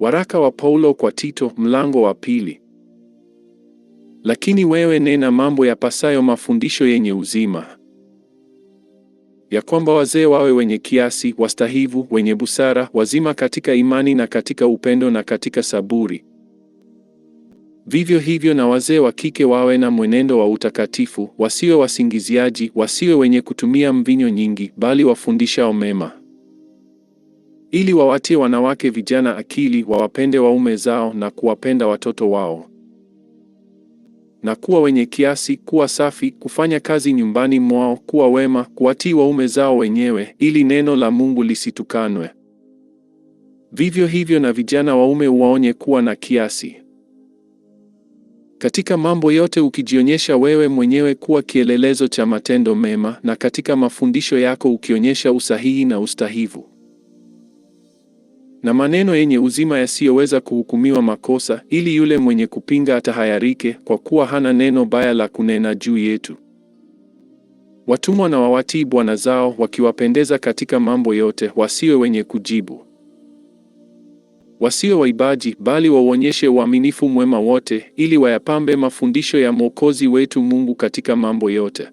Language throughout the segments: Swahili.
Waraka wa Paulo kwa Tito, mlango wa pili. Lakini wewe nena mambo yapasayo mafundisho yenye uzima, ya kwamba wazee wawe wenye kiasi, wastahivu, wenye busara, wazima katika imani na katika upendo na katika saburi. Vivyo hivyo na wazee wa kike wawe na mwenendo wa utakatifu, wasiwe wasingiziaji, wasiwe wenye kutumia mvinyo nyingi, bali wafundishao mema ili wawatie wanawake vijana akili, wawapende waume zao na kuwapenda watoto wao, na kuwa wenye kiasi, kuwa safi, kufanya kazi nyumbani mwao, kuwa wema, kuwatii waume zao wenyewe, ili neno la Mungu lisitukanwe. Vivyo hivyo na vijana waume uwaonye kuwa na kiasi katika mambo yote, ukijionyesha wewe mwenyewe kuwa kielelezo cha matendo mema, na katika mafundisho yako ukionyesha usahihi na ustahivu na maneno yenye uzima yasiyoweza kuhukumiwa makosa, ili yule mwenye kupinga atahayarike, kwa kuwa hana neno baya la kunena juu yetu. Watumwa na wawatii bwana zao, wakiwapendeza katika mambo yote, wasiwe wenye kujibu, wasiwe waibaji, bali wauonyeshe uaminifu mwema wote, ili wayapambe mafundisho ya Mwokozi wetu Mungu katika mambo yote.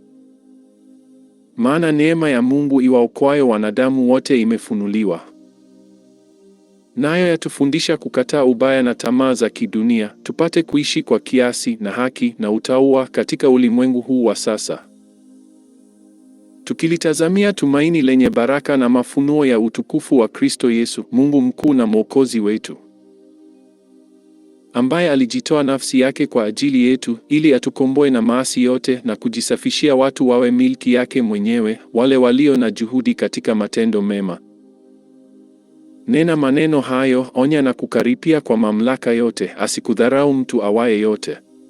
Maana neema ya Mungu iwaokoayo wanadamu wote imefunuliwa nayo yatufundisha kukataa ubaya na tamaa za kidunia, tupate kuishi kwa kiasi na haki na utauwa katika ulimwengu huu wa sasa, tukilitazamia tumaini lenye baraka na mafunuo ya utukufu wa Kristo Yesu, Mungu mkuu na Mwokozi wetu, ambaye alijitoa nafsi yake kwa ajili yetu ili atukomboe na maasi yote na kujisafishia watu wawe milki yake mwenyewe, wale walio na juhudi katika matendo mema. Nena maneno hayo, onya na kukaripia kwa mamlaka yote, asikudharau mtu awaye yote.